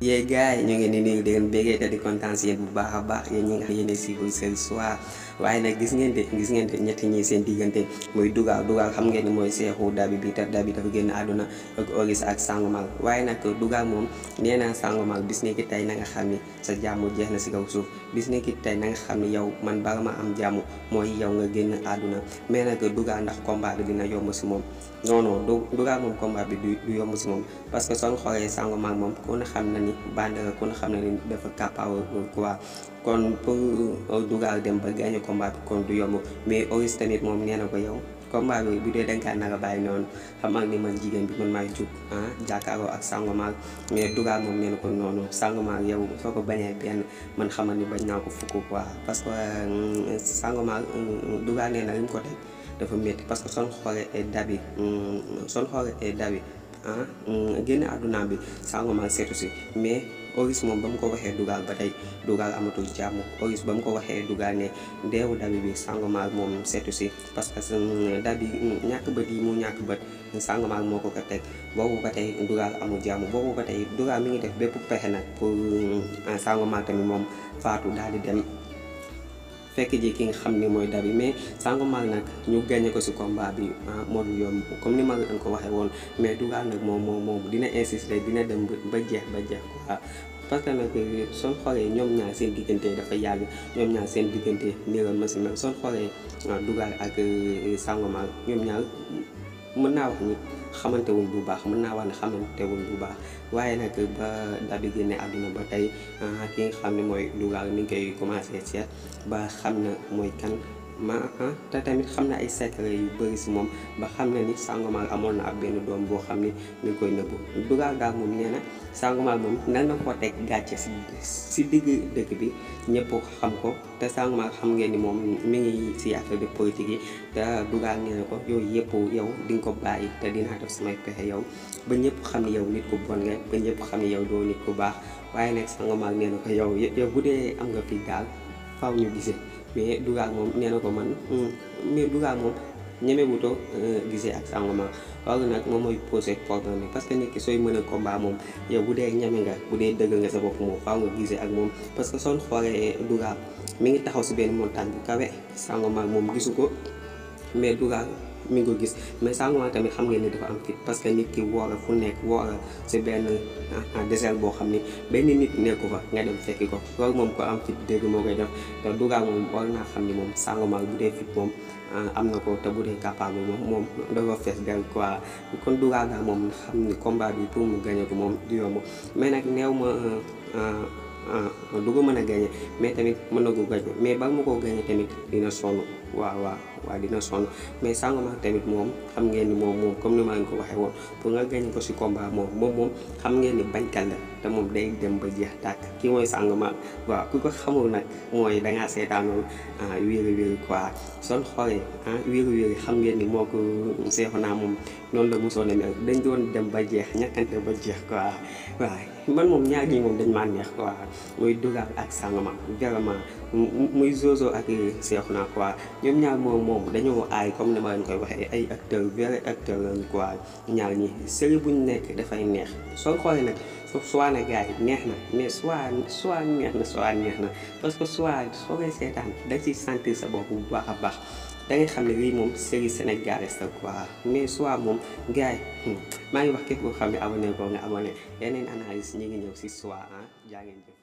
yéen gars yi ñu ngi ni leen bégee di kontaan bu baax a baax yéen ñi nga xam yéen a siiwul seen soir waaye nag gis ngeen de gis ngeen de ñetti ñi seen diggante muy dugal dugal xam ngeen ni mooy seexu dabi bi te dabi dafa génn àdduna ak oris ak sangumal waaye nag dugal moom nee naa sangumal bis ne ki tey na nga xam ni sa jàmm jeex na si kaw suuf bis ne ki tey na xam ni yow man bala ma am jàmm mooy yow nga génn àdduna mais nag dugal ndax combat bi dina yomb si moom non non moom combat bi du yomb si moom ni Balla ku xam ne ni dafa capable quoi kon pour euh, dugal dem ba gagné combat bi kon du yomb mais Oris tamit moom nee na ko yow combat bi bu dee da nga kaa naka noonu xam ak ni man jigéen bi man maay jug ah, jàkkaaroo ak Sangomar mais dugal moom nee ko noonu Sangomar yow soo ko bañee benn man xamal ni bañ naa ko fukk quoi parce que euh, Sangomar euh, dugal nee na li mu dafa parce que son xoolee mm, dab ah génne àdduna bi Sangomar seetu si mais Auris moom ba mu ko waxee Dugal ba tey Dugal amatul jàmm Auris ba mu ko waxee Dugal ne deewu dabi bi Sangomar moom seetu parce que mm, dabi mm, ñàkk bët yi mu ñàkk bët moo ko ko teg boobu ba tey Dugal amul jàmm boobu ba tey Dugal mi ngi def bépp pexe nag pour Sangomar tamit moom faatu daal di dem. fekk ji ki nga xam ni mooy dabi mais sangu nag ñu gagné ko si combat bi ah, modu yoon comme ni man leen ko waxee woon mais dugal nag moom moom moom dina insister dina dem ba jeex ba jeex quoi parce que nag son xoolee ñoom ñaar seen diggante dafa yàgg ñoom ñaar seen diggante nii la ma si mel son xoolee ah, dugal ak euh, sangu mal ñoom ñaar mën naa wax ni xamante bu baax mën naa wax ne xamante wuñ bu baax waaye nag ba dabi génne àdduna ba tey ah, ki nga xam ne mooy Louga ni ngi koy commencé seet ba xam ne mooy kan ma ah. te tamit xam na ay secret yu bëri si moom ba xam ne nit Sangomar amoon na ak benn doom boo xam ne mi koy nëbbu Dura Gaal moom nee na Sangomar moom nan na ko teg gàcce si si digg dëkk bi ñëpp xam ko te Sangomar xam ngeen ni moom mi ngi si affaire de politique te Dura nee ko yooyu yëpp yow di ko bàyyi te dinaa samay pexe yow ba ñëpp xam ne yow nit ku bon nga ba xam yow doo nit baax waaye nag Sangomar nee na ko yow bu dee am nga fi daal. xaw ñu gisee mais Duga ak moom nee ko man hmm, mais Duga moom ñemewutoo euh, gisee ak Sangomar loolu nag moom mooy posé problème bi parce que nit ki sooy mën a combat moom yow bu dee ñeme nga bu dee dëgg nga sa bopp moom faaw nga gisee ak moom parce que soo xoolee Duga mi ngi taxaw si benn montagne bu kawe Sangomar moom gisu ko mais Duga. mu ngi ko gis mais sànguwaan tamit xam nga ni dafa am fit parce que nit ki woor a fu nekk woor a si benn ah, désert boo xam ni benn nit nekku fa nga dem fekki ko loolu moom ko am fit dégg moo koy def te dugaag moom war naa xam ni moom sànguwaan bu dee fit ah, am na ko te bu dee capable moom moom dafa fees del quoi kon dugaag daal moom xam bi pour mu gagné ko moom du yomb mais nag néew ma ah, du ko mën a gagné mais tamit mën na ko gagné mais ba ma ko gagné tamit dina sonn. waaw waaw waaw dina sonn mais Sangomar tamit moom xam ngeen ni moom moom comme ni ma leen ko waxee woon pour nga gañ ko si combat moom moom moom xam ngeen ni bañkat la te moom day dem ba jeex tàkk kii mooy Sangomar waaw ku ko xamul nag mooy dangaa seetaanoon ah, wéeru wéeru quoi son xoolee ah wéeru xam ngeen ni moo ko seexu naa moom noonu la mosoon a mel dañ doon dem ba jeex ñàkkante ba jeex quoi waaw man moom ñaar ñi moom dañ maa neex quoi muy Dugar ak Sangomar vraiment muy Zozo ak Seexuna quoi ñoom ñaar moom moom dañoo aay comme ni ma leen koy waxee ay acteurs vrai acteurs lañu quoi ñaar ñi série buñ nekk dafay neex soo xoolee nag soit na gars yi neex na mais soit soit neex na neex na parce que soit soo koy seetaan da ciy sa bopp bu baax a baax da xam ne lii moom série sénégalaise la quoi mais soit moom gars yi maa ngi wax képp koo xam ne abonné ko nga abonné yeneen analyse ñu ngi ñëw si soit ah jaa ngeen